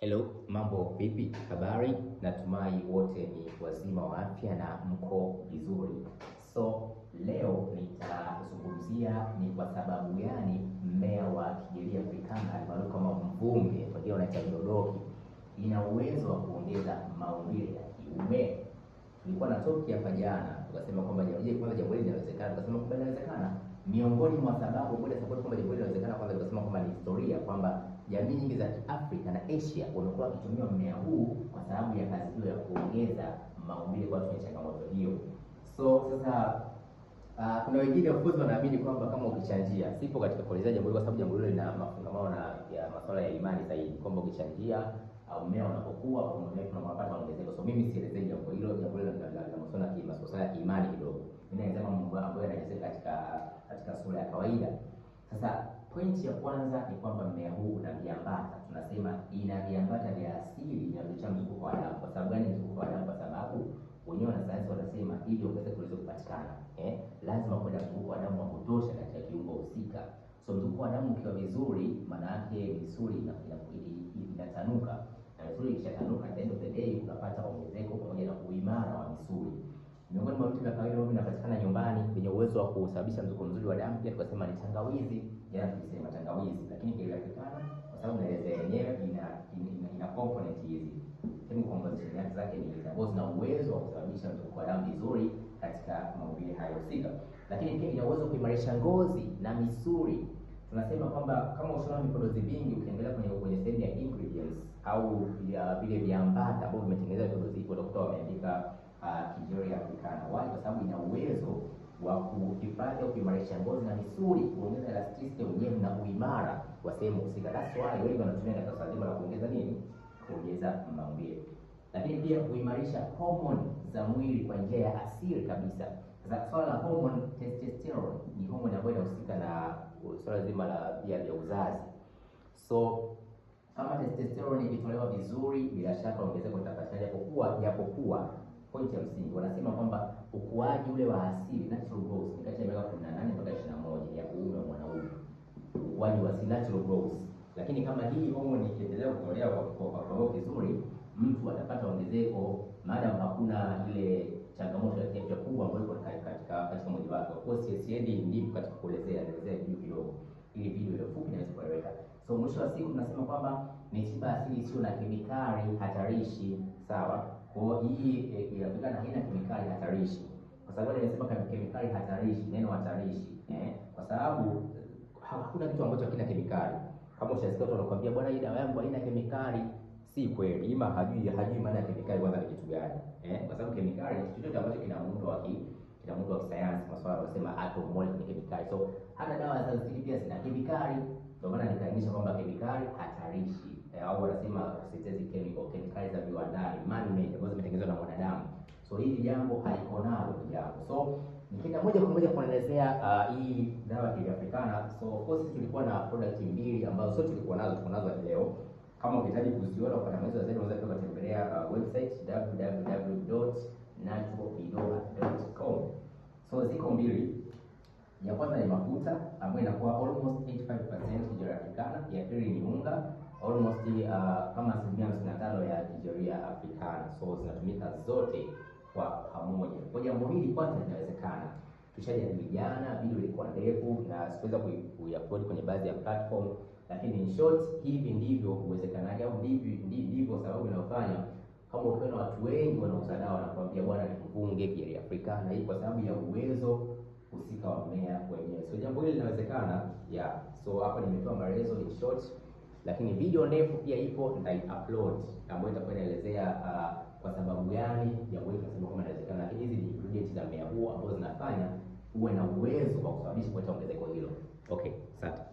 Hello, mambo vipi? Habari, natumai wote ni wazima wa afya na mko vizuri. So leo nitazungumzia ni kwa sababu gani mmea wa kigelia africana almaarufu kama mvunge, wengine wanaita mdodoki, ina uwezo wa kuongeza maumbile ya kiume. Tulikuwa na toki hapa jana, tukasema kwamba je, kwanza jambo hili linawezekana? Tukasema kwamba inawezekana miongoni mwa sababu moja sababu kwamba ilikuwa inawezekana kwamba tunasema kwamba ni historia kwamba jamii nyingi za Afrika na Asia wamekuwa wakitumia mmea huu kwa sababu ya kazi hiyo ya kuongeza maumbile kwa watu wenye changamoto hiyo. So sasa uh, kuna wengine of course wanaamini kwamba kama ukichanjia, sipo katika kuelezea jambo hilo kwa sababu jambo hilo lina mafungamano na ya masuala ya imani zaidi, kwamba ukichanjia au mmea unapokuwa kuna unapata ongezeko. So mimi sielezei jambo hilo kawaida. Sasa pointi ya kwanza ni kwamba mmea huu una viambata, tunasema ina viambata vya asili vinavyochochea mzunguko wa damu. Kwa sababu gani mzunguko wa damu? Kwa sababu wenyewe wanasayansi wanasema ili ongezeko liweze kupatikana, eh, lazima kuwe na mzunguko wa damu wa kutosha katika kiungo husika. So mzunguko wa damu ukiwa vizuri, maana yake misuli inakuwa vitu vya kawaida ambavyo vinapatikana nyumbani vyenye uwezo wa kusababisha mzuko mzuri wa damu, pia tukasema ni tangawizi. Jana yaani tulisema tangawizi, lakini kiliwezekana kwa sababu naelezea yenyewe ina ina component hizi lakini composition yake zake ni ile ambayo zina uwezo wa kusababisha mzuko wa damu vizuri katika maumbile hayo husika, lakini pia ina uwezo kuimarisha ngozi na misuli. Tunasema kwamba kama ushaona vipodozi vingi, ukiendelea kwenye kwenye sehemu ya ingredients au vile viambata ambavyo vimetengeneza vipodozi hivyo, utakuta ameandika uh, ya Africana. Why? Kwa sababu ina uwezo wa kuhifadhi au kuimarisha ngozi na misuli, kuongeza elasticity unyevu na uimara wa sehemu husika. That's why wengi wanatumia katika swala zima la kuongeza nini, kuongeza maumbile, lakini pia kuimarisha hormone za mwili kwa njia ya asili kabisa. Sasa swala la hormone, testosterone ni hormone ambayo inahusika na swala zima la pia vya uzazi, so kama testosterone ikitolewa vizuri, bila shaka ongezeko litapatikana, japokuwa japokuwa pointi ya msingi wanasema kwamba ukuaji ule wa asili natural growth ni kati ya miaka 18 mpaka 21 ya uume wa mwanaume, ukuaji wa asili natural growth. Lakini kama hii homoni ikiendelea kutolewa kwa kiwango kizuri, mtu atapata ongezeko maadamu hakuna ile changamoto ya kiafya kubwa ambayo iko katika katika mwili wake. Kwa hiyo CSAD ndipo katika kuelezea elezea juu kidogo ile video ile fupi inaweza kueleweka. So mwisho wa siku tunasema kwamba ni tiba asili isiyo na kemikali hatarishi, sawa? Kwa hiyo hii e, inafikana na haina kemikali hatarishi, kwa sababu ile inasema kama kemikali hatarishi, neno hatarishi eh, kwa sababu eh, hakuna kitu ambacho hakina kemikali. Kama ushasikia watu wanakuambia bwana, hii dawa yangu haina kemikali, si kweli. Ima hajui hajui maana ya kemikali kwanza ni kitu gani eh, kwa sababu kemikali ni kitu ambacho kina muundo wa kitabu wa sayansi masuala wanasema atom molecule ni kemikali. So hata dawa za asili pia zina kemikali, ndio maana nikaanisha kwamba kemikali hatarishi eh, au wanasema synthetic chemical, kemikali za viwandani man made ambazo zimetengenezwa na mwanadamu. So hili jambo haliko nalo jambo. So nikienda moja kwa moja kuelezea uh, hii dawa ya Kiafrikana. So of course tulikuwa na product mbili ambazo sote tulikuwa nazo tuko nazo leo. Kama ukihitaji kuziona kwa namna zaidi unaweza kutembelea uh, website www naturalbidoa.com. So ziko mbili, ya kwanza ni mafuta ambayo inakuwa almost 85% kijorafikana, ya pili ni unga almost uh, kama asilimia hamsini na tano ya kijoria afrikana. So zinatumika zote kwa pamoja. Kwa jambo hili kwanza linawezekana tushajaribu jana, video ilikuwa ndefu na sikuweza kuiupload kwenye baadhi ya platform, lakini in short, hivi ndivyo uwezekanaji au ndivyo sababu inayofanya kama ukiona watu wengi wanauza dawa na kuambia bwana, nifunge kieri Afrika, na hii kwa sababu ya uwezo husika wa mmea wenyewe. So jambo hili linawezekana yeah. So hapa nimetoa maelezo in short, lakini video ndefu pia ipo, nitai upload ambayo itakuwa inaelezea uh, kwa sababu gani jambo hili tunasema kama inawezekana, lakini hizi ni ingredients za mmea huo ambazo zinafanya uwe na uwezo wa kusababisha kuleta ongezeko hilo. Okay, asante.